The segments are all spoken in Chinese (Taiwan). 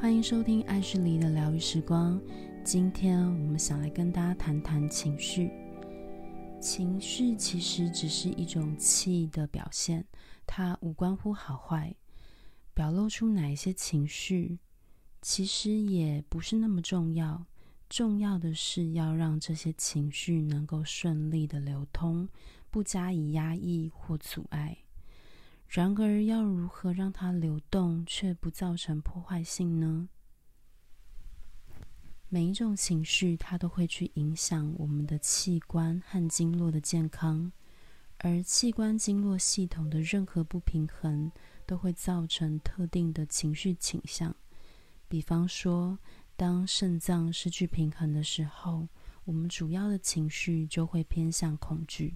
歡迎收聽《愛旭黎的療癒時光》。今天我們想來跟大家談談情緒。情緒其實只是一種氣的表現，它無關乎好壞。表露出哪一些情緒，其實也不是那麼重要。重要的是要讓這些情緒能夠順利的流通，不加以壓抑或阻礙。然而，要如何讓它流動卻不造成破壞性呢？每一種情緒，它都會去影響我們的器官和經絡的健康，而器官經絡系統的任何不平衡，都會造成特定的情緒傾向。比方說，當腎臟失去平衡的時候，我們主要的情緒就會偏向恐懼。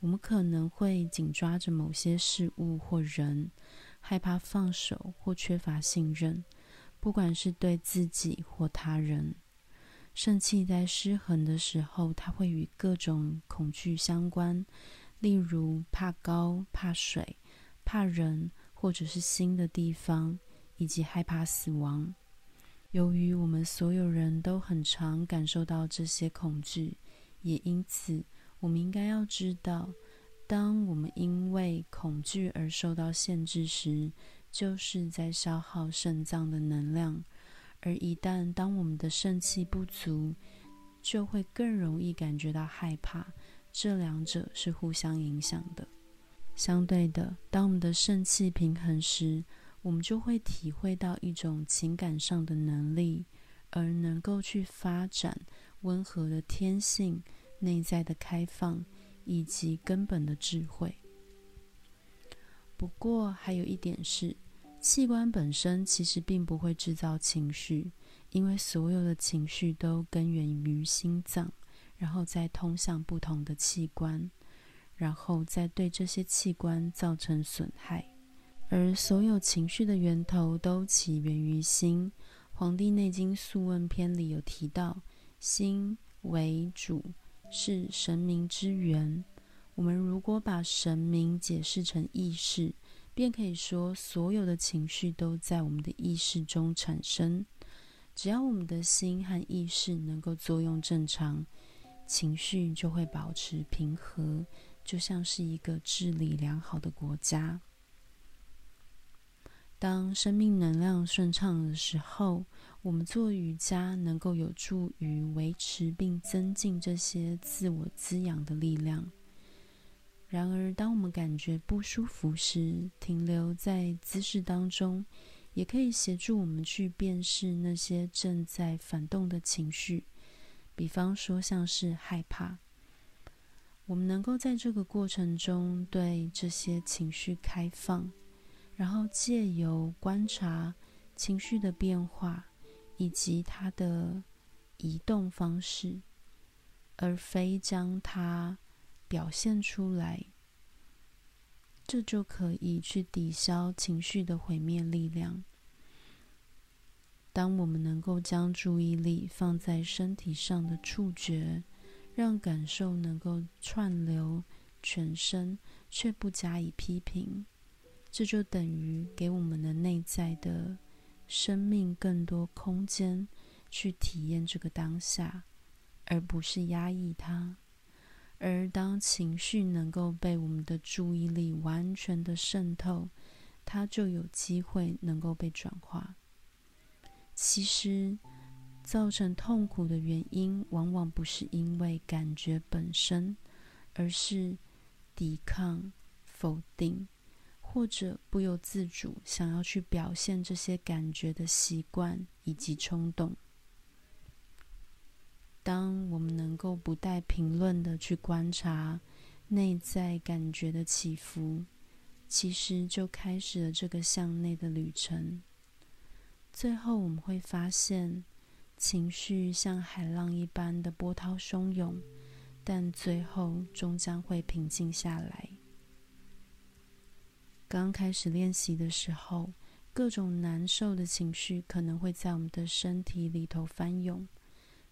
我們可能會緊抓着某些事物或人，害怕放手或缺乏信任，不管是對自己或他人。腎氣在失衡的時候，它會與各種恐懼相關，例如怕高、怕水、怕人，或者是新的地方，以及害怕死亡。由於我們所有人都很常感受到這些恐懼，也因此。我們應該要知道，當我們因為恐懼而受到限制時，就是在消耗腎臟的能量。而一旦當我們的腎氣不足，就會更容易感覺到害怕。這兩者是互相影響的。相對的，當我們的腎氣平衡時，我們就會體會到一種情感上的能力，而能夠去發展溫和的天性。內在的開放以及根本的智慧。不過，還有一點是，器官本身其實並不會製造情緒，因為所有的情緒都根源於心臟，然後再通向不同的器官，然後再對這些器官造成損害。而所有情緒的源頭都起源於心，《黃帝內經·素問篇》裡有提到：“心為主。”是神明之源，我們如果把神明解釋成意識，便可以說所有的情緒都在我們的意識中產生。只要我們的心和意識能夠作用正常，情緒就會保持平和，就像是一個治理良好的國家。當生命能量順暢的時候，我們做瑜伽能夠有助於維持並增進這些自我滋養的力量。然而，當我們感覺不舒服時，停留在姿勢當中，也可以協助我們去辨識那些正在反動的情緒，比方說像是害怕。我們能夠在這個過程中對這些情緒開放。然後借由觀察情緒的變化以及它的移動方式，而非將它表現出來，這就可以去抵消情緒的毀滅力量。當我們能夠將注意力放在身體上的觸覺，讓感受能夠串流全身，卻不加以批評。這就等於給我們的內在的生命更多空間去體驗這個當下，而不是壓抑它。而當情緒能夠被我們的注意力完全的滲透，它就有機會能夠被轉化。其實，造成痛苦的原因，往往不是因為感覺本身，而是抵抗、否定。或者不由自主想要去表現這些感覺的習慣以及衝動。當我們能夠不帶評論的去觀察內在感覺的起伏，其實就開始了這個向內的旅程。最後我們會發現，情緒像海浪一般的波濤洶湧，但最後終將會平靜下來。剛開始練習的時候，各種難受的情緒可能會在我們的身體裡頭翻湧。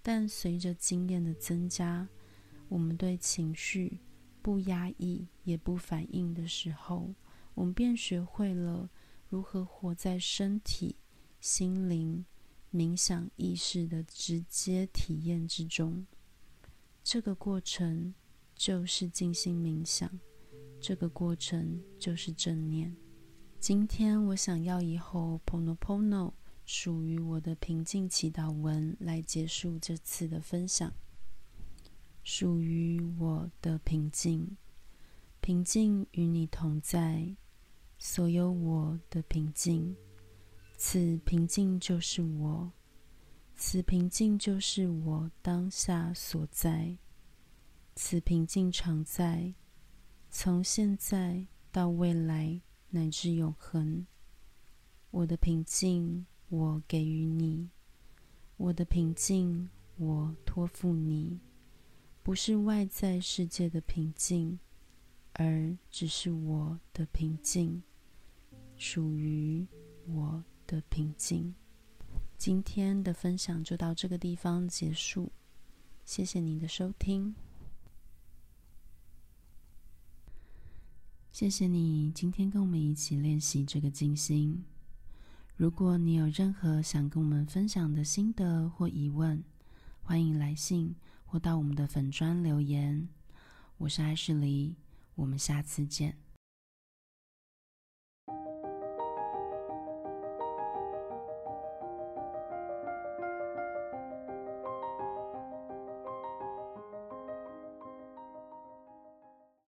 但隨着經驗的增加，我們對情緒不壓抑也不反應的時候，我們便學會了如何活在身體、心靈、冥想意識的直接體驗之中。這個過程就是靜心冥想。這個過程就是正念。今天我想要以 Ho'oponopono 屬於我的平靜祈禱文來結束這次的分享。屬於我的平靜，平靜與你同在，所有我的平靜，此平靜就是我，此平靜就是我當下所在，此平靜常在。從現在到未來乃至永恆，我的平靜我給予你，我的平靜我託付你，不是外在世界的平靜，而只是我的平靜，屬於我的平靜。今天的分享就到這個地方結束，謝謝你的收聽。謝謝你今天跟我們一起練習這個靜心。如果你有任何想跟我們分享的心得或疑問，歡迎來信或到我們的粉專留言。我是愛旭黎，我們下次見。